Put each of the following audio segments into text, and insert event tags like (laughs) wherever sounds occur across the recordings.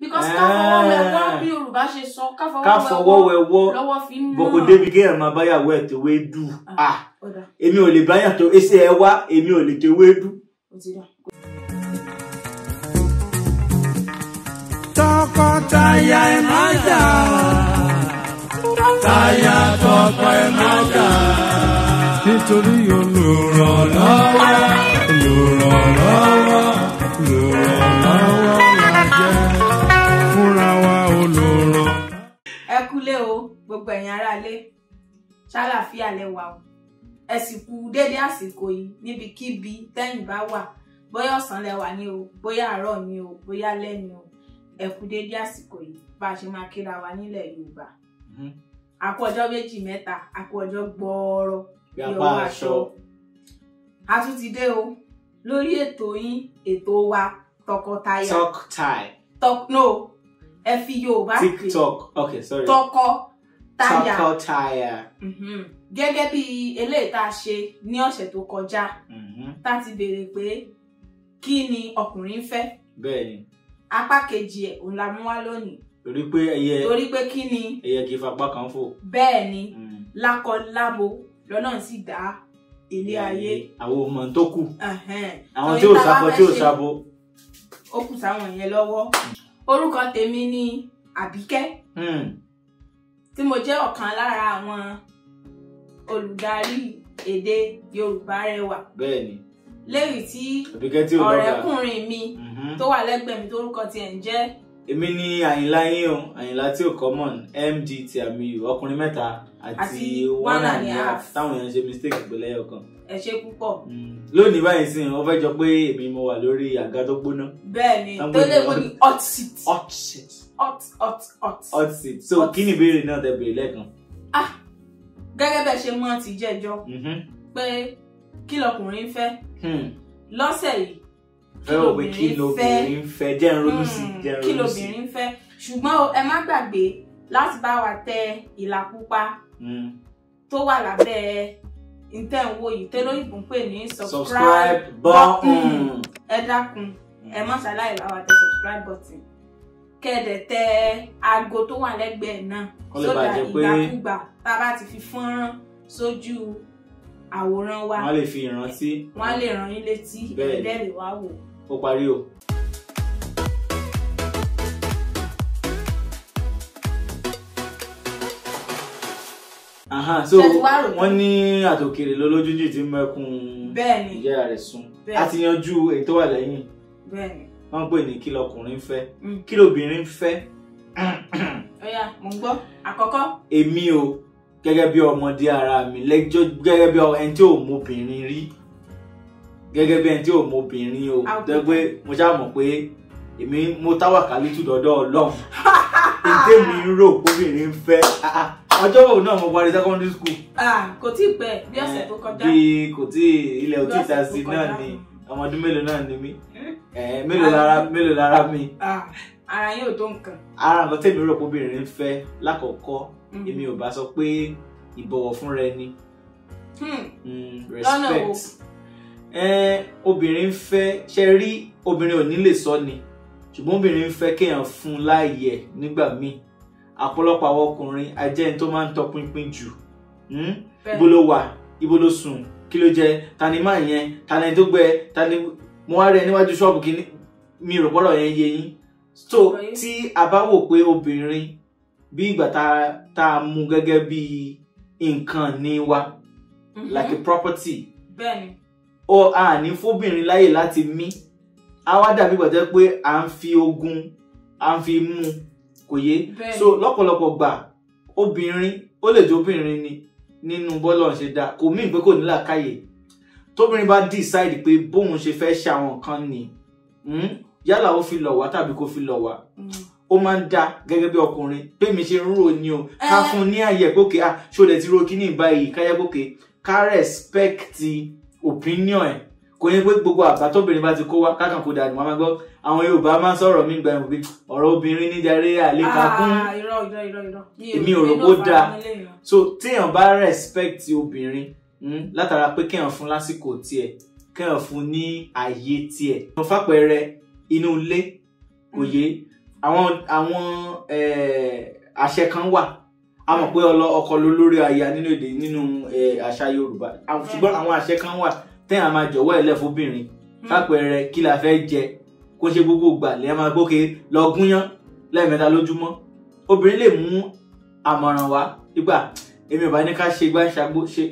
because káfọwọ́wẹ́wọ́ eh. bí Yorùbá ṣe sọ káfọwọ́wẹ́wọ́ lọ́wọ́ fi ń mọ̀ bọ̀kọ̀ débi kí ẹ̀rọ máa báyàwó ẹ̀ tó wé dù ah, ah, à èmi ò lè báyà tó ẹsẹ̀ ẹ wá èmi ò lè tó wé dù. tọkọtaya ẹ má jà taya tọkọ ẹ má jà nítorí olùrànlọ́wọ́ olùrànlọ́wọ́. ẹ̀yin aráalé ṣàlàfíà lẹ́wà o ẹ sì kú déédéé àsìkò yìí níbikíbi tẹ́yìn bá wà bóyá ọ̀sán lẹ́wà ni o bóyá àárọ̀ ni o bóyá lẹ́ni o ẹ déédéé àsìkò yìí bá a ṣe máa kíra wa nílẹ̀ Yorùbá mhm. a ọjọ́ méjì mẹ́ta a ọjọ́ gbọ́ọ́rọ́ yọwọ́ aṣọ a ti dé o lórí ètò yín ètò wa tọkọtaya talk tie talk no ẹ fi Yorùbá pè tiktok okay sorry tọkọ táyà mm-hmm. gẹ́gẹ́ bí eléyìí tá a ṣe ní ọ̀sẹ̀ tó kọjá mm-hmm. tá a ti béèrè pé kí ni ọkùnrin fẹ́ apá kejì ẹ̀ òun la mú wá lónìí torí pé ẹyẹ torí pé kí ni ẹyẹ kì í fapá kan fò bẹ́ẹ̀ ni mm. lákọ lábo lọ́nà sì dá ilé ayé àwọn ọmọ tó kù àwọn tí ò sábọ tí ò sábọ ó kù sáwọn yẹn lọ́wọ́ mm. orúkọ tèmi ni Àbíkẹ́. Mm tí mo jẹ́ ọ̀kan lára àwọn olùdarí èdè Yorùbá Rẹwà. bẹ́ẹ̀ni. léyìí tí ọ̀rẹ́kùnrin mi mhm. tó wà lẹ́gbẹ̀ẹ́ mi tórúkọ tiẹ̀ ń jẹ́. èmi ni àyìnlá yín o àyìnlá tí ò common md ti àmì ọkùnrin mẹ́ta àti one and a half táwọn èèyàn ṣe mistake ìpínlẹ̀ ọkàn. ẹ ṣe púpọ̀. Mm. lónìí báyìí sìn ọ fẹ́ jọ pé èmi mo wà lórí àga tó gbóná. bẹ́ẹ̀ni tó lè wọ́n ní hot seat. hot seat hot hot hot. hot seat so hot kí ni ìbéèrè de tẹ béèrè ah gẹ́gẹ́ bẹ́ẹ̀ ṣe mọ́ ti jẹ́jọ́ mm-hmm. pé kí lọkùnrin fẹ́ hmm. lọ́sẹ̀ yìí fẹ́ ò pé kí lobìnrin fẹ́ jẹ́ ń ronú sí hmm, jẹ́ ń ronú sí. kí lobìnrin fẹ́ ṣùgbọ́n ẹ má gbàgbé láti bá wa tẹ ìlà pupa hmm. tó wà lábẹ́ ntẹ́ ń wo yìí tẹ́lóyìnbó ń pè ní subscribe button ẹ dákun ẹ má ṣàlàyé bá wa tẹ subscribe button kẹ̀dẹ̀ tẹ aago tó wà lẹ́gbẹ̀ẹ́ náà sódà ìgbàkúgbà tá a bá ti fi fọ́nrán sójú àwòrán wa wọ́n lè fi ìrántí wọ́n lè rán yín létí bẹ́ẹ̀ wá wò. ó parí o. so wọ́n ní àtòkèrè lọ́lójújì tí mẹ́kún ìjẹ́ra rẹ̀ sùn a ti yanjú èyí tó wà lẹ́yìn. bẹ́ẹ̀ni wọ́n pè ní kí lọkùnrin fẹ́ mm. kí lóbìnrin fẹ́. ọ̀yà (clears throat) mo gbọ́ àkọ́kọ́. èmi o gẹ́gẹ́ bí ọmọdé ara mi lẹ́jọ́ gẹ́gẹ́ bí ẹni tí ò mọ obìnrin rí gẹ́gẹ́ bí ẹni tí ò mọ obìnrin o dẹ́gbẹ́ mo ṣáà mọ̀ pé èmi mo táwàkálí tù dọ́dọ́ ọlọ́run ètè mi ń rò obìnrin fẹ́ ọjọ́ wo náà mo parí secondary school. kò tí ì pẹ́ bí ọ̀sẹ̀ tó kọjá. bí kò tí ilẹ̀ ò tí ì ta sí náà ni ọmọ ọdún mélòó náà ni mí. Eh, mélòó lára ah. mélòó lára mi. Ah, ara yóò tó nǹkan. ara nǹkan tèmi rò pé obìnrin ń fẹ́ lákọ̀ọ́kọ́ mhm. èmi ò bá sọ pé ìbọ̀wọ̀ fúnra ẹni. Hmm. Hmm, respect eh, obìnrin ń fẹ́ ṣe rí obìnrin ò ní lè sọ ni ṣùgbọ́n obìnrin ń fẹ́ kéèyàn fún un láàyè nígbà míì àpọ̀lọpọ̀ àwọn ọkùnrin ajẹ́ni tó máa ń tọpinpin jù hmm? ibo ló wà ibo ló sùn kí ló jẹ ta máa yẹn ta tó gbẹ ta mo wá rí ẹ níwájú ṣọ́ọ̀bù kìíní mi rò pọ́rọ̀ yẹn yé yín so tí a bá wò pé obìnrin bí ìgbà tá a mú gẹ́gẹ́ bí nǹkan ní wa mhm. like a property bẹ́ẹ̀ni o a ní fóbìnrin láyè láti mí a wá dàbí ìgbà tó yẹ pé à ń fi ogun à ń fi mú kò yé so lọ́pọ̀lọpọ̀ gbà obìnrin ó lè jẹ́ obìnrin ni nínú bọ́lọ̀ ṣe dá kò mí pé kò ní tóbìnrin bá decide pé bóun ṣe fẹ́ ṣe àwọn nǹkan ni hmm, yálà ó fi lọ̀ wá tàbí kó fi lọ̀ wá mm. ó máa ń da gẹ́gẹ́ bí ọkùnrin pé mi ṣe ń rò ni o ká eh. fún un ní àyè pókè à ṣó lè ti ro kíní báyìí káyà pókè ká respect opinion ẹ̀ kò yẹ pé gbogbo àbá tóbìnrin bá ti kó wá kákan kó dànù wọn máa gbọ́ àwọn Yorùbá máa ń sọ̀rọ̀ mí gba ẹ̀wọ̀n pé ọ̀rọ̀ obìnrin ní jàre àlékà ah, kún èmi ò rò ó dáa so téèyàn bá respect obìnrin Hmm? látara pé kéèyàn fún lásìkò tiẹ̀ kéèyàn fún ní ààyè tiẹ̀. mo fàpẹẹrẹ inú ilé kò yé hmm. àwọn àwọn eh, àṣẹ kan wà a mọ̀ pé ọlọ ọkọ lólórí aya nínú èdè nínú eh, àṣà Yorùbá hmm. ṣùgbọ́n àwọn àṣẹ kan wà téèyàn máa jọ̀wọ́ ẹ̀ lẹ́fọ́bìnrin fàpẹẹrẹ kí la fẹ́ jẹ kó ṣe gbogbo gbà lẹ́yìn máa gbókè lọ gúnyán lẹ́ẹ̀mẹ́ta lójúmọ́ obìnrin lè mú àmọ̀ràn wá ìgbà èmi ò bá ní ká ṣe gbá ṣàgbó ṣe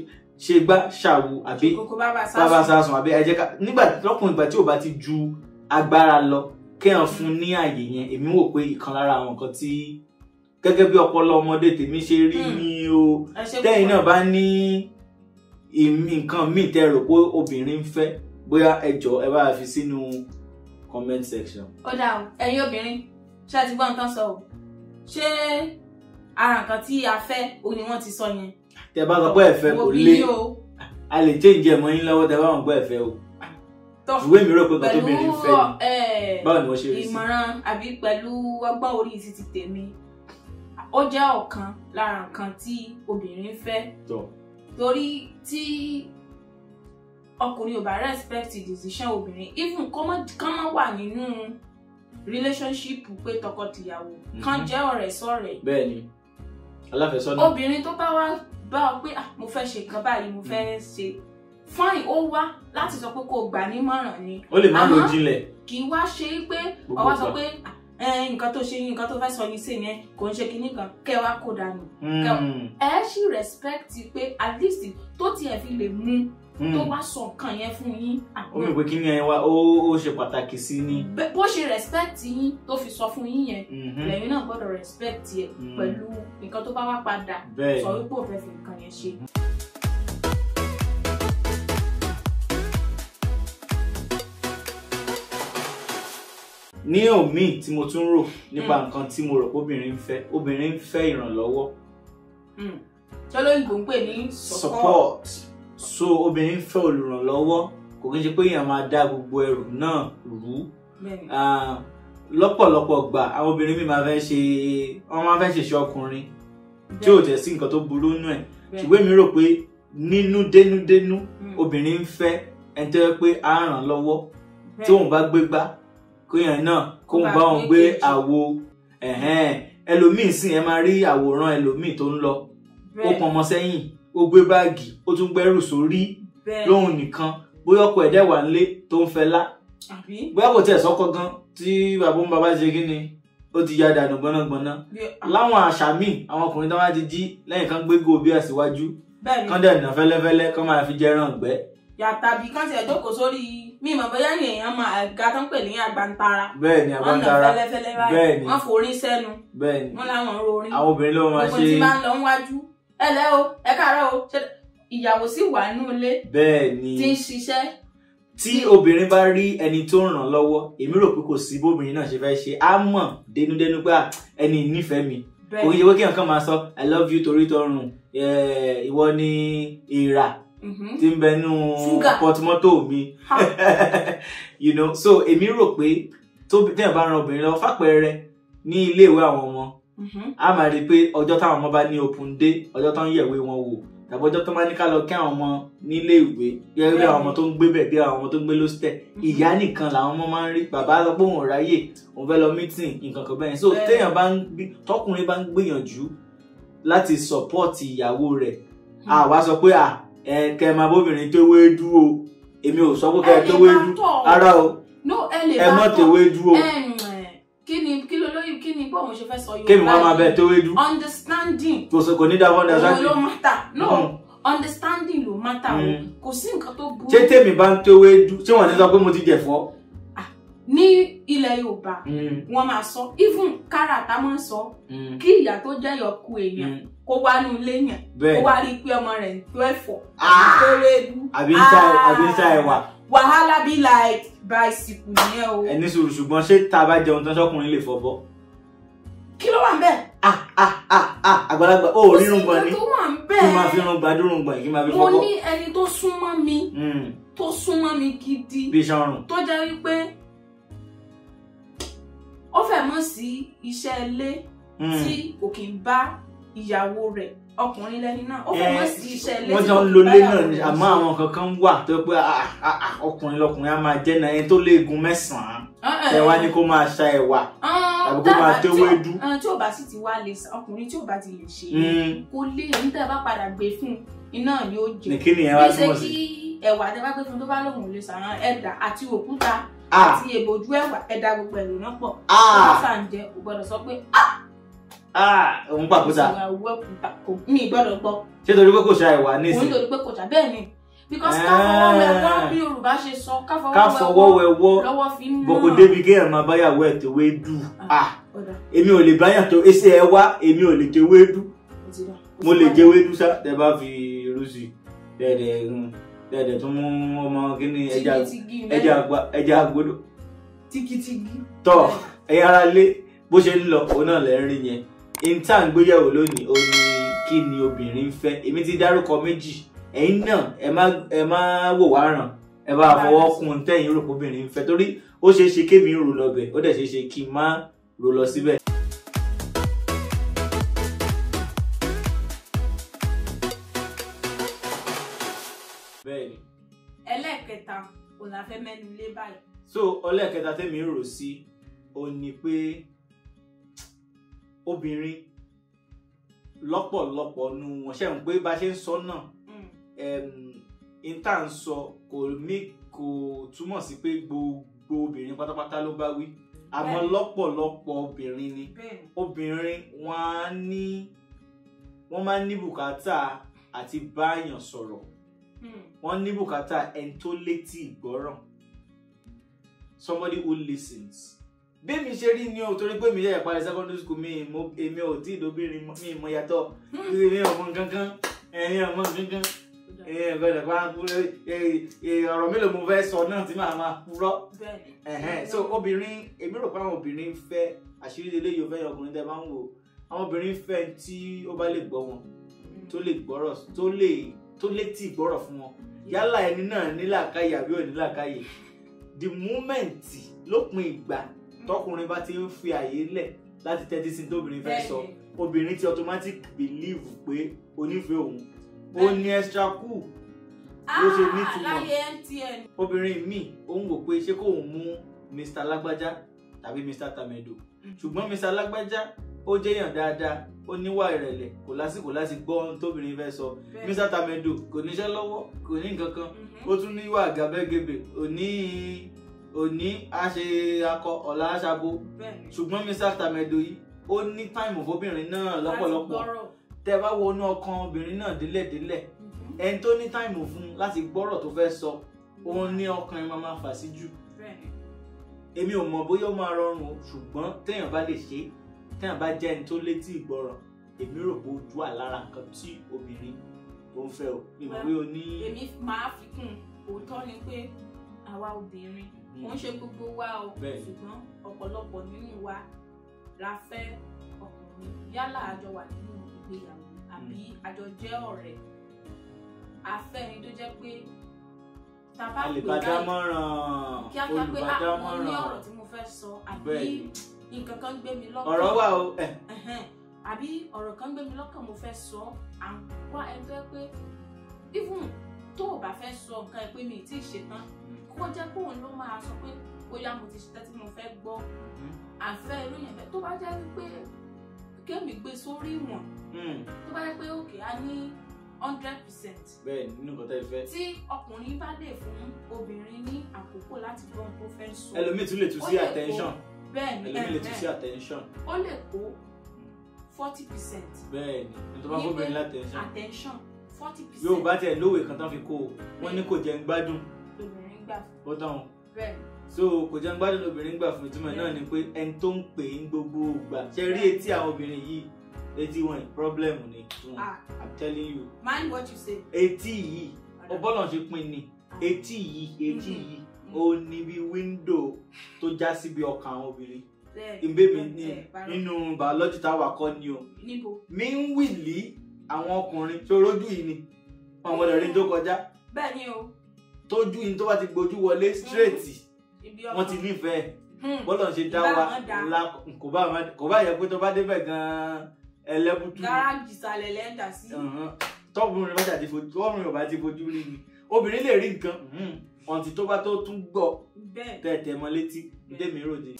ṣe gbá ṣàwo àbí bàbá sásùn àbí ẹjẹ ká nígbà lọkùnrin ìgbà tí ò bá ti ju agbára lọ kéèyàn fún ní àyè yẹn èmi wò pé ìkan lára àwọn nǹkan tí gẹ́gẹ́ bí ọpọlọ ọmọdé tèmi ṣe rí hmm. ni o tẹ́yìn náà bá ní nǹkan míì tẹ́ rò pé obìnrin ń fẹ́ bóyá ẹ ẹ bá fi sínú comment section. ó dà o ẹ̀yin obìnrin ṣé ẹ ti gbọ́ nǹkan sọ o ṣé ara nǹkan tí a fẹ́ òun ni wọ́n ti sọ yẹn tẹ bá sọ pé ẹfẹ kò lé a lè change ẹmọ yín lọ́wọ́ tẹ bá wọn gbọ́ ẹfẹ o ìwé mi rò pé kò tóbi rí fẹ ni báwo ni wọn ṣe rí sí. ìmọ̀ràn àbí pẹ̀lú ọgbọ́n orí ti ti tèmi ó jẹ́ ọ̀kan lára nǹkan tí obìnrin fẹ́ torí tí ọkùnrin ò bá respect decision obìnrin even kán má wà nínú relationship pé tọkọtìyàwó kán mhm. jẹ́ ọ̀rẹ́ sọ̀rẹ́. bẹ́ẹ̀ni aláfẹ́sọ́nà. obìnrin tó bá wá bá ọ pé ah mo fẹ́ ṣe nǹkan báyìí mo fẹ́ hmm. ṣe fine ó wá láti sọ pé kó o gbà nímọ̀ràn ni ó lè má lo jinlẹ̀ kì í wá ṣe é pé ọwọ́ sọ pé ah, eh, nǹkan tó ṣe nǹkan tó fẹ́ sọ ní sèyí yẹn kò ń ṣe kinní kan kẹ́ wá kó dànù hmm. ẹ ṣì eh, respect pé at least tó tiẹ̀ fi lè mú tó hmm. bá sọ nǹkan yẹn fún yín. ó mọ̀ pé kí ni ẹyin wa ó ṣe pàtàkì sí ni. bó ṣe respect yín tó fi sọ fún yín yẹn hmm. lẹ́yìn náà gbọ́dọ̀ respect yẹ hmm. pẹ̀lú nǹkan tó bá wá padà sọ wípé òfin fi nǹkan yẹn ṣe. ní òmíì tí mo tún rò nípa nǹkan tí mo rò pé obìnrin ń fẹ́ obìnrin ń fẹ́ ìrànlọ́wọ́. tọ́lóyìnbó ń pè ní support so obìnrin fẹ́ olùrànlọ́wọ́ kò kí n ṣe pé èèyàn máa dá gbogbo ẹrù náà rú lọ́pọ̀lọpọ̀ gbà àwọn obìnrin mi máa fẹ́ ṣe wọ́n máa fẹ́ ṣèṣe ọkùnrin tí ò jẹ́ sí nǹkan tó burú nù ẹ̀ ṣùgbọ́n mi rò pé nínú dénúdénú hmm. obìnrin ń fẹ́ ẹni tó yẹ pé á ràn lọ́wọ́ tí òun bá gbé gbá kéèyàn náà kóun bá òun gbé àwo ẹlòmíì sì ẹ máa rí àwòrán ẹlòmíì tó ń lọ ó pọnmọ sẹ́yìn ó gbé báàgì ó tún gbẹ́rù sórí lóhun nìkan bóyá ọkọ ẹ̀ dẹ̀ wà nílé tó ń fẹ́ lá bóyá kò tiẹ̀ sọ́kọ gan tí bàbá ń bàbá ṣe kí ni ó ti ya dànù gbọ́nàgbọ́nà láwọn àṣà míì àwọn ọkùnrin tó máa ti jí lẹ́yìn kan gbégo bí àṣìwájú kán dẹ̀ nà fẹ́lẹ́fẹ́lẹ́ kán máa fi jẹ́ ràn gbẹ́. yàtà bí kán ti ẹjọ́ kò sórí mímọ bóyá ni èèyàn máa ga tó pè ní àgbàntara bẹ́ẹ̀ ni àgbàntara bẹ́ẹ̀ ni wọ́n forí sẹ́nu wọ́n láwọn orin àwọn obìnrin ló máa ṣe gbogbo tí máa ń lọ wájú ẹ lẹ́ o ẹ káàárọ̀ o ìyàwó sì wà nínú ilé tí ń ṣiṣẹ́ tí obìnrin bá rí ẹni tó ń ràn lọ́wọ́ èmi rò pé kò sí bóbìnrin náà ṣe fẹ́ ṣe á mọ̀ dénúdénú pé ẹni nífẹ̀ẹ́ mi kò yẹ kí nǹkan máa sọ i love you torí tọrùn ìwọ ni ìrà mm-hmm. tí ń bẹ nú pọtumọ́tò mi (laughs) you know so èmi rò pé tó bẹ́ẹ̀ bá ran obìnrin lọ́wọ́ fàpẹ́rẹ́ ní ilé ìwé àwọn ọmọ Mm-hmm. a máa rí i pé ọjọ́ táwọn ọmọ bá ní open day ọjọ́ tó ń yẹ̀wé wọn wò tàbí ọjọ́ tó máa ní ká lọ kí àwọn ọmọ nílé ìwé gẹ́gẹ́ bí àwọn ọmọ tó ń gbé bẹ̀ bí àwọn ọmọ tó ń gbé lọ́sítẹ̀ mm-hmm. ìyá nìkan làwọn ọmọ máa ń rí bàbá sọ pé òun ráyè òun fẹ́ lọ meeting nǹkan kan bẹ́ẹ̀ so téèyàn bá ń tọkùnrin bá ń gbìyànjú láti support ìyàwó rẹ̀ àwa mm-hmm. sọ pé à kẹ máa bóbìnrin tó wé dúró èmi ò sọ pé kẹ tó wé dúró ara o ẹ mọ̀ tó wé dúró. ẹ kí ni bóun ṣe fẹ́ sọ yorùbá kémi wọn máa bẹ tó wédú understanding kò sọ kò ní dáwọ́ dá sáà ló no hmm. understanding ló matter o hmm. kò sí nǹkan tó burú. ṣé tèmi bá ń tó wédú ṣé wọn ní sọ pé mo ti jẹ̀fọ́. ní ilẹ̀ yorùbá hmm. wọn máa sọ even káràtà máa ń sọ kí ìyá tó jẹ́ yọku èèyàn kó wá nù ilé yẹn kó wá rí i pé ọmọ rẹ̀ ń tó ẹ̀fọ́ ah! tó wédú. àbí ń ṣá ẹwà wàhálà bí like bicycle nìyẹn o. ẹni sùúrù ṣùgbọ́n ṣé tá a bá jẹun tán sọkùnrin lè fọ bọ́ kí ló wà ń bẹ̀. àgbàlagbà ó rírun gbọ̀n ni kí n máa fi rún gbàdúrún gbọ̀n kí n máa fi fọ́kọ́. mo ní ẹni tó súnmọ́ mi hmm. tó súnmọ́ mi gidi tó jẹ́ wípé ó fẹ́ mọ̀ sí iṣẹ́ ilé hmm. tí kò kí ń bá ìyàwó rẹ̀ ọkùnrin lẹni náà ó fẹ́ eh, mọ̀ sí iṣẹ́ ilé tí kò kí ń bá ìyàwó rẹ̀. wọ́n jọ náà àmọ́ àwọn kankan wà tó pé ah, ah, ah, ọkùnrin lọkùnrin á máa jẹ́ náà ẹni tó léegun mẹ́sàn-án eh, eh, ẹ wá kó máa ṣa ẹ̀wà àbí kó máa tẹ́wédú. tí ò bá sì ti wá lè ọkùnrin tí ò bá ti lè ṣe hmm. kó lè ní tẹ́ bá padà gbé fún iná yóò jẹ ní kí ni ẹ wá túmọ̀ sí. ẹ̀wà tẹ́ bá gbé fún tó bá lòun lè sàrán ẹ̀dà àti òkúta ah. àti èbòjú ẹ̀wà ẹ̀dà gbogbo ẹ̀rọ náà pọ̀ ọ̀pọ̀ ah. sàn jẹ kò gbọdọ̀ sọ pé ah! òun pàkúta mi gbọdọ̀ gbọ́. ṣé torí pé kò ṣá ẹ̀wà ní ìsìn. òun torí pé kò ṣá bẹ́ẹ̀ ni because káfọwọ́ wẹ̀wọ́ eh. bí Yorùbá ṣe sọ káfọwọ́ wẹ̀wọ́ lọ́wọ́ fi ń mọ̀ bọ̀kọ̀ débi kéèyàn máa báyàwó ẹ̀ tó wé dù ah, ah, à èmi ò lè báyàn tó ẹsẹ̀ ẹ wá èmi ò lè tó wé dù mo lè jẹ wé dù sá tẹ bá fi irú sí dẹ̀dẹ̀ dẹ̀dẹ̀ tó mú ọmọ kíní ẹja àgbódò tigitigi tọ ẹ̀yà ara lé bó ṣe ń lọ òun náà lẹ́ ń rí yẹn ìntàn gbéyàwó lónìí ó ní kí ni obìnrin fẹ́ èmi ti dárúkọ méjì ẹ̀yin náà ẹ má ẹ má wò wá ràn ẹ bá fọwọ́ kún un tẹ̀yìn rò kóbìnrin ń fẹ́ torí ó ṣeé ṣe kémi rò lọ bẹ̀ ó dẹ̀ ṣeé ṣe kí n má rò lọ síbẹ̀. ẹlẹ́ẹ̀kẹta kò la fẹ́ mẹ́nu lé báyìí. so ọlẹ́ẹ̀kẹta tẹ́mi rò sí ó ní pé obìnrin lọ́pọ̀lọpọ̀ nu wọn ṣe ń pé bá ṣe ń sọ náà intan sọ kò mí kò túmọ̀ sí pé gbogbo obìnrin pátápátá ló bá wí àmọ́ lọ́pọ̀lọpọ̀ obìnrin ni obìnrin wọn á ní wọ́n máa ń ní bùkátà àti báyàn sọ̀rọ̀ hmm. wọ́n ní bùkátà ẹni tó létí ìgbọ́ràn somebody who listens bẹ́ẹ̀mi ṣe rí ni o torí pé mi yẹ ìparí secondary school mi èmi ò tí ì dóbìnrin mi ìmọ̀ yàtọ̀ hmm. mi ò mọ̀ nǹkan kan ẹ̀yin ò mọ̀ nǹkan Eh, bẹ̀rẹ̀ bá eh, eh, ọ̀rọ̀ mélòó mo fẹ́ sọ náà tí màá máa purọ́ so obìnrin èmi rò pé àwọn obìnrin ń fẹ́ àṣírí ilé yóò fẹ́ ọkùnrin tẹ́ bá ń wò àwọn obìnrin ń fẹ́ tí ó bá lè gbọ́ wọn mm-hmm. tó lè gbọ́rọ̀ tó lè tó létí ìgbọ́rọ̀ fún wọn yálà ẹni náà nílàkàyè àbí ònílàkàyè the moment lópin ìgbà tọkùnrin bá ti ń fi àyè lẹ̀ láti tẹ́tí sí tóbìnrin fẹ́ sọ obìnrin ti automatic believe pé onífẹ́ òun ó ní extra cool ló ah, ṣe nítumọ̀ obìnrin mi. ó ń wò pé ṣé kò ń mú mr lágbájá tàbí mr tamedo mm-hmm. ṣùgbọ́n mr lágbájá ó jẹ́yàn dáadáa ó níwà ìrẹ̀lẹ̀ kò lásìkò láti gbọ́ ohun tóbìnrin fẹ́ sọ mr tamedo kò níṣẹ́ lọ́wọ́ kò ní nǹkan kan mm-hmm. ó tún níwà gàbẹ́gẹ̀bẹ̀ òní òní àṣe akọ ọ̀la àṣàbò ṣùgbọ́n mr tamedo yìí ó ní táìmù fóbìnrin náà lọ́pọ̀lọpọ̀ tẹ́ bá wọnú ọkàn obìnrin náà délẹ̀délẹ̀ mm-hmm. ẹni tó ní táìmù fún un láti gbọ́rọ̀ tó fẹ́ sọ òun ní ọkàn ẹ máa máa fà sí jù èmi ò mọ̀ bóyá ó máa rọrùn o ṣùgbọ́n téèyàn bá lè ṣe téèyàn bá jẹ́ ẹni tó létí ìgbọràn èmi rò pé ojú wà lára nǹkan tí obìnrin tó ń fẹ́ o mi mọ̀ pé o ní. èmi máa fi kún òótọ́ ni pé àwa obìnrin hmm. kò ń ṣe gbogbo wa o ṣùgbọ́n ọ̀pọ̀lọpọ̀ nínú wa la fẹ́ ọkùnrin yálà àjọ wà nínú ìgbéyàwó àbí àjọ hmm. jẹ́ ọ̀rẹ́ afẹ́ni tó jẹ́ pé tàbá pè báyìí kíákíá pé a ah, mo ní ọ̀rọ̀ tí mo fẹ́ sọ àbí nǹkan kan gbé mi lọ́kàn ọ̀rọ̀ wà o àbí ọ̀rọ̀ kan gbé mi lọ́kàn mo fẹ́ sọ à ń wá ẹgbẹ́ pé even tó o bá fẹ́ sọ nǹkan ẹ pé mi ì tí ì ṣetán hmm. kó jẹ́ pé òun ló máa sọ pé bóyá mo ti ṣetán tí mo fẹ́ gbọ́ àfẹ́ hmm. irú yẹn tó bá jẹ́ wípé kémi gbé sórí ìwọ̀n Hmm. tó bá yẹ pé òkè á ní hundred percent. bẹ́ẹ̀ nínú nǹkan tẹ́ fẹ́. tí ọkùnrin bá lè fún obìnrin ní àkókò láti gbọ́n tó fẹ́ sọ. ẹlòmíì tún lè tún sí attention. ẹlòmíì lè tún sí attention. ó lè kó forty percent. bẹ́ẹ̀ ni tó bá fóbìnrin látẹnṣán. attention forty percent. yóò bá tiẹ̀ lówe kan tán fi kó o wọ́n ní kò jẹ́ ń gbádùn. obìnrin gbà fún. ó tán o. bẹ́ẹ̀ so kò jẹ́ ń gbádùn obìnrin gbà fún ìtumọ̀ náà ni pé ẹni tó ń pè é gbogbo ògbà ṣe rí etí àwọn obìnrin yìí Eighty-one problem ni fún hmm. wọn ah. i'm telling you. mind what you say. etí yìí ọbọ̀nà ṣe pin ni etí yìí etí mm-hmm. yìí mm-hmm. ó ní bí wíńdò tó já síbi ọkàn àwọn obìnrin ìbébi nínú biology táwa kọ́ ni o mi ń wìlí àwọn ọkùnrin tó rójú yìí ni wọn gbọ́dọ̀ rí tó kọjá. bẹ́ẹ̀ ni o. tójú yìí tó bá ti gbójú wọlé straight mm-hmm. wọn ti nífẹ̀ẹ́ hmm. bọ́lọ̀ ṣe dá wa kò bá yẹ pé tó bá débẹ̀ gan-an ẹlẹ́kùtù gáràjì ìsàlẹ̀ lẹ́ńdà sí. tọ́ọ̀bù rẹ̀ bá ti fojú tọ́ọ̀bù rẹ̀ bá ti fojú rí ni obìnrin lè rí nǹkan ọ̀ǹtì tó bá tó tún gbọ́ tẹ̀tẹ̀ mọ́ létí démi ròde.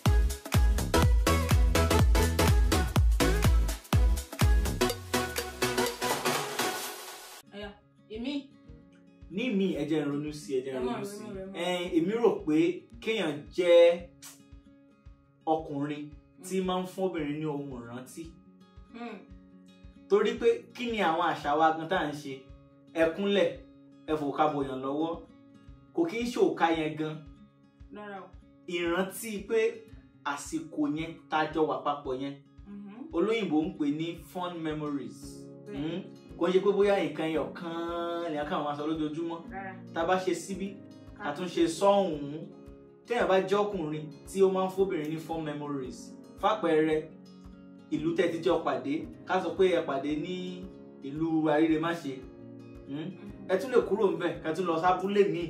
èmi ní mi ẹjẹ ń ronú sí ẹjẹ ń ronú sí èmi rò pé kéèyàn jẹ́ ọkùnrin tí máa ń fún obìnrin ní ohun ìrántí. Mm Hmm. torí pé kí ni àwọn àṣà wa gan tá à ń ṣe ẹkúnlẹ̀ ẹfọ̀kábọ̀yàn lọ́wọ́ kò kí ń ṣòka yẹn gan ìrántí pé àsìkò yẹn tájọ wà papọ̀ yẹn hmm. olóyìnbó ń pè ní fond memories hmm. kò ń ṣe pé bóyá nǹkan yẹn ọ̀kan ni a kàn máa sọ lójoojúmọ́ tá a bá ṣe síbí àtúnṣe sọ́hùn-ún téèyàn bá jẹ́ ọkùnrin tí ó máa ń fóbìnrin ní fond memories fàpẹẹrẹ ìlú tẹ́ ti jọ pàdé ká sọ pé ẹ pàdé ní ìlú Aríremáṣe hmm? mm-hmm. ẹ tún lè kúrò ńbẹ̀ kẹ tún lọ sábúlé míì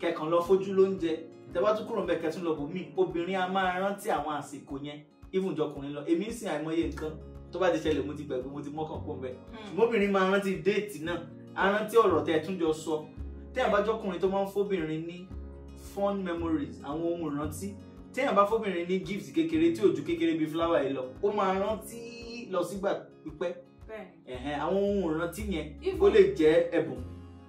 kẹkàn lọ fojú lóúnjẹ tẹ́ bá tún kúrò ńbẹ̀ kẹ tún lọ bòmíì obìnrin a máa rántí àwọn àsìkò yẹn even jọkùnrin lọ èmi ń sin àìmọye nǹkan tó bá ti ṣẹlẹ̀ mo ti gbàgbé mo ti mọ́kàn pọ̀ ńbẹ̀ mm. ṣùgbọ́n obìnrin máa rántí déètì náà a rántí ọ̀rọ̀ tẹ́ ẹ tún jọ sọ tẹ́ ẹ tó máa ń fóbìnrin ní fond memories àwọn ohun ìrántí téèyàn bá fóbìnrin ní gift kékeré tí ò ju kékeré bíi flower yìí lọ ó máa rántí lọ sígbà pípẹ́ àwọn ohun ìrántí yẹn ó lè jẹ́ ẹ̀bùn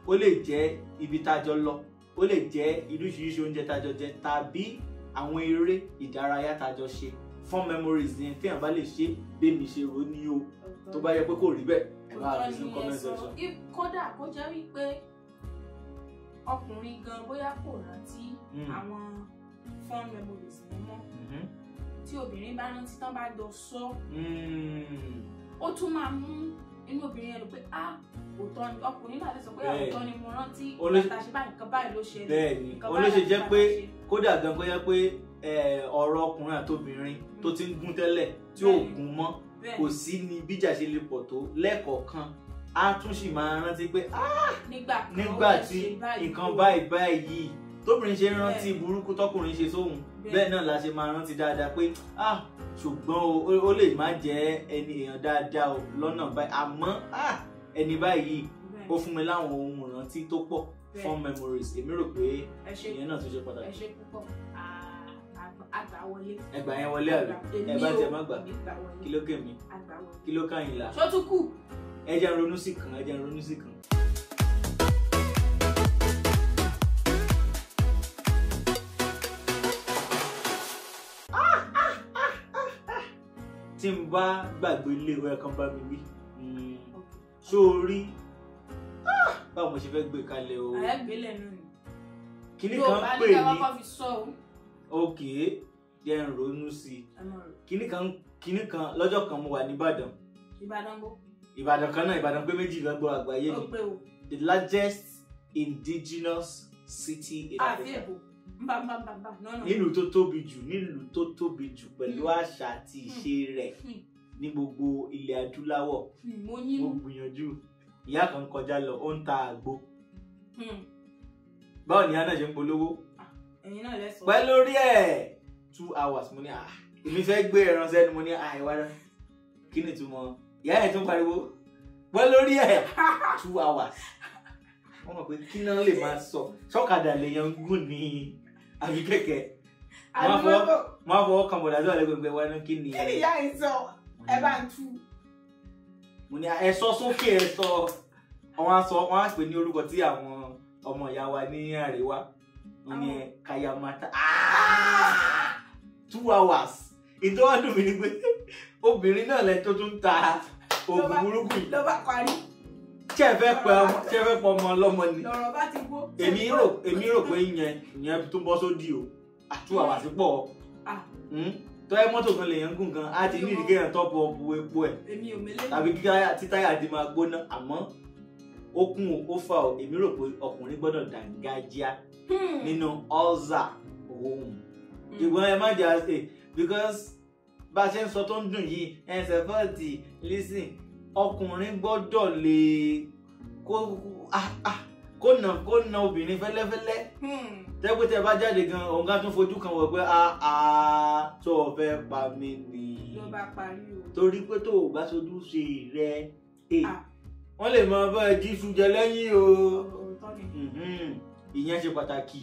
ó lè jẹ́ ibi tájọ lọ ó lè jẹ́ oríṣiríṣi oúnjẹ tájọ jẹ tàbí àwọn eré ìdárayá tájọ ṣe fun memories yẹn téèyàn bá lè ṣe bẹ́ẹ̀mi ṣe rò ní o tó bá yẹ pé kò rí bẹ́ẹ̀ ẹ bá rí sí comment section. kódà kó jẹ́ wípé ọkùnrin gan bóyá kò rántí hmm. àwọn fond memories mi mọ́ mm-hmm. tí obìnrin bá rántí tán bá jọ sọ mm. ó tún máa mú inú obìnrin yẹn lò pé ah òótọ́ ni ọkùnrin náà lè sọ pé ah, òótọ́ ni mo rántí àtàṣe báyìí nǹkan báyìí ló ṣe bẹ́ẹ̀ni olóṣè jẹ́ pé kódà gan kó jẹ́ pé ọ̀rọ̀ ọkùnrin àtobìnrin tó ti ń mm. gún tẹ́lẹ̀ tí ò gún mọ́ kò sí ni bíjà ṣe lè pọ̀ tó lẹ́ẹ̀kọ̀ọ̀kan á tún sì máa rántí pé ah, nígbà tí nǹkan báyìí báyìí tóbìnrin ṣe rántí burúkú tọkùnrin ṣe sóhun bẹ́ẹ̀ náà la ṣe máa rántí dáadáa pé ah ṣùgbọ́n ó lè má jẹ́ ẹni èèyàn dáadáa o lọ́nà báyìí àmọ́ ah ẹni báyìí ó fún mi láwọn ohun ìrántí tó pọ̀ fond memories èmi rò pé ìyẹn náà tó ṣe pàtàkì. ẹ ṣe púpọ̀ àgbàwọlé. ẹgbà yẹn wọlé àbí ẹ bá jẹ má gbà kí ló kàn mí kí ló kàn yín là. ṣọ́túkù. ẹ jẹ́ ronú sí kan ẹ jẹ́ ronú sí kan. tí n bá gbàgbé ilé ìwé kan bá mi wí sórí hmm. ah! báwo mo ṣe fẹ́ gbé kalẹ̀ o. àyàgbélẹ̀ nù ni. kíní kan ń pè ní. yóò bá ní káwá kọ́ fi sọ o. ok jẹ́ n ronú sí i. kíní kan kíní kan lọ́jọ́ kan mo wà nìbàdàn. ìbàdàn bó. ìbàdàn kan náà ìbàdàn pé méjì lọ́gbọ̀ àgbáyé ni. the largest indigenous city in Africa nílùú tó tóbi jù nílùú tó tóbi jù pẹ̀lú hmm. àṣà àti ìṣe hmm. rẹ̀ hmm. ní gbogbo ilẹ̀ adúláwọ̀ mo gbìyànjú ìyá kan kọjá lọ ó ń ta àgbo báwo ni anna ṣe ń polówó ah, pẹ́ lórí ẹ̀ two hours mo ní à ah, èmi fẹ́ gbé ẹran sẹ́nu mo ní à ìwà rẹ kí ni ìtumọ̀ ìyá ẹ̀ tún pariwo pẹ́ lórí ẹ̀ (laughs) two hours wọ́n mọ̀ pé kí náà lè máa sọ sọ́kadà lèèyàn gùn ní àbí kẹ̀kẹ́ wọ́n á fọwọ́ kan bọ̀dà tó wà lẹ́gbẹ̀ẹ́ wa ní kí ni. kí ni ìyá yìí sọ ẹ bá ń tú. mo ní ẹ sọ sókè ẹ sọ wọn á sọ wọn á pè ní orúkọ tí àwọn ọmọ ìyá wa ní àríwá wọn ní kayamata two hours ìtọ́wádùn mi ni pé obìnrin náà lẹ tó tún ta oògùn burúkú yìí. ló bá parí ṣe fẹ́ pẹ ṣe fẹ́ pọ ọmọ ọlọ́mọ ni èmi rò èmi rò pé ìyẹn ìyẹn tó bọ́ sódì o àtúwà wà sí pọ̀ ah. hmm? tọ́ ẹ mọ́tò kan lèèyàn gùn gan á ti ní ìdíkẹ́ yẹn tọ́pọ̀ bu epo ẹ̀ tàbí kí títáyà ti máa gbóná àmọ́ ó kún o ó fà o èmi rò pé ọkùnrin gbọ́dọ̀ dàngájíá hmm. nínú ọ́zà òun ṣùgbọ́n hmm. ẹ má jà ṣe because bá a ṣe ń sọ tó ń dùn yìí ẹ ṣe fọ́ọ̀tì lísìn ọkùnrin gbọ́dọ̀ lè kó ah, ah, kó nà kó nà obìnrin fẹ́lẹ́fẹ́lẹ́ hmm. tẹ́gbẹ́ tẹ́ bá jáde gan òun ká tún fojú kan wọ̀ pé àá tó o fẹ́ pa mí ni torí pé tó o bá sojú sí rẹ e, ah. wọ́n lè máa bá ẹ jí sujẹ lẹ́yìn o mhm. ìyẹn ṣe pàtàkì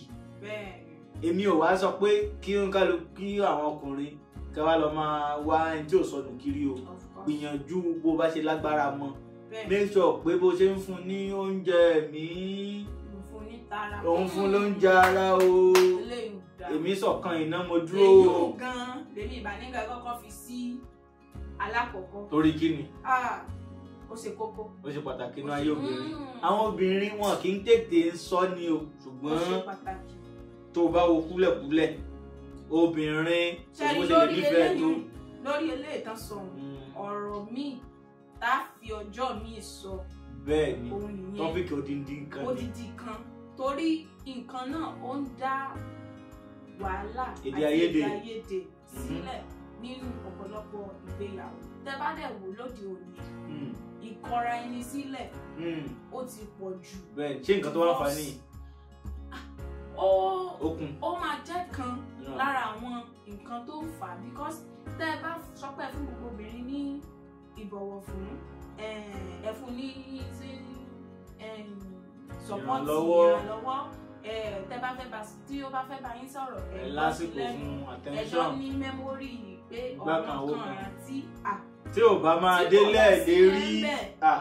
èmi ò wá sọ pé kí n kálu kí àwọn ọkùnrin kí wọ́n lọ máa wá ẹni tí ò sọnù kiri o. Of gbìyànjú bó bá ṣe lágbára mọ make sure pé bó ṣe ń fún ní oúnjẹ mi òun fún lóúnjẹ ara o èmi sọ̀kan iná mo dúró o. èyí ò gan lèmi ìbànújẹ́ kọ́kọ́ fi sí alákọ̀ọ́kọ́. torí kí ni. Ah ó ṣe kókó. ó ṣe pàtàkì inú ayé obìnrin àwọn obìnrin wọn kì í tètè sọ ni o ṣùgbọ́n tó bá wo kúlẹ̀kúlẹ̀ obìnrin òun ṣe lè nífẹ̀ẹ́ lórí eléyìí tán sọ ọ̀rọ̀ míì tá a fi ọjọ́ míì sọ. bẹ́ẹ̀ ni tọ́pìkì odindi kan ni odindi kan torí nǹkan náà ó ń dá wàhálà àti èdè àìyedè mhm. sílẹ̀ nínú ọ̀pọ̀lọpọ̀ ìgbéyàwó tẹ bá dẹ̀ wò lóde òní hmm. ìkọra ẹni sílẹ̀ hmm. ó ti pọ̀ jù. bẹ́ẹ̀ ṣé nǹkan tó wà fà ní. ó ó máa jẹ́ kan lára àwọn nǹkan tó fà á because tẹ́ ẹ bá sọpẹ́ fún gbogbo obìnrin ní ìbọ̀wọ̀ fún eh, ẹ fún ní support ìrànlọ́wọ́ eh, tẹ́ bá fẹ́ bá tí ó bá fẹ́ bá yín sọ̀rọ̀ ẹ lásìkò fún attention ẹjọ́ ní memory pé ọ̀rọ̀ kan àti à tí ò bá máa délẹ̀ lè rí à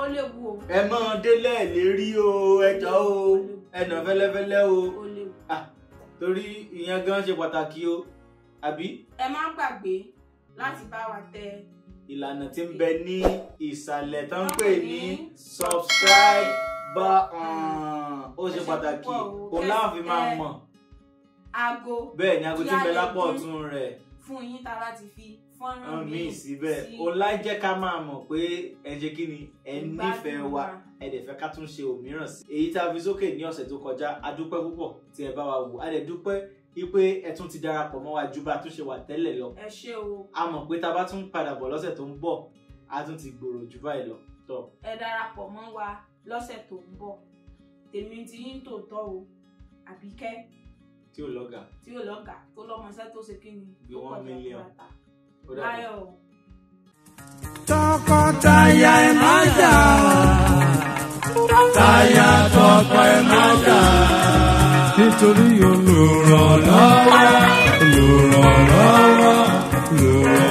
ó léwu o ẹ máa délẹ̀ lè rí o ẹjọ́ o ẹnà fẹ́lẹ́fẹ́lẹ́ o ó léwu torí ìyẹn gan ṣe pàtàkì o àbí. ẹ má gbàgbé láti bá wa tẹ ìlànà tí ń bẹ ní ìsàlẹ̀ tó ń pè ní subscribe button ó ṣe pàtàkì òun láwọn fi máa mọ̀. aago bẹ́ẹ̀ ni aago tí ń bẹ lápò ọ̀tún rẹ̀. fún yín tá a fi fọ́nrán mi síbẹ̀ òun láì jẹ́ ká máa mọ̀ pé ẹ jẹ́ kí ni ẹ nífẹ̀ẹ́ wa ẹ dẹ̀ fẹ́ ká tún ṣe òmíràn sí. èyí tá a fi sókè ní ọ̀sẹ̀ tó kọjá a dúpẹ́ púpọ̀ tí ẹ bá wa wò a dẹ̀ dúpẹ́ wípé ẹ tún ti darapọ̀ mọ́ wa ju bá a tún ṣe wà tẹ́lẹ̀ lọ. ẹ ṣé o. a mọ̀ pé tá a bá tún padà bọ̀ lọ́sẹ̀ tó ń bọ̀ a tún ti gbòòrò ju báyìí lọ. ẹ darapọ̀ mọ́ wa lọ́sẹ̀ tó ń bọ̀ tèmi ti yín tòótọ́ o Àbíkẹ́ tí ò lọ́gà. tí ò lọ́gà tó lọ́mọṣẹ́ tó ṣe kí ni. bí mílíọ̀n ó dàbọ̀. tọkọtaya ẹ má jà o táyà tọpẹ́ máa dà nítorí olùrànlọ́wọ́ olùrànlọ́wọ́ olùrànlọ́wọ́.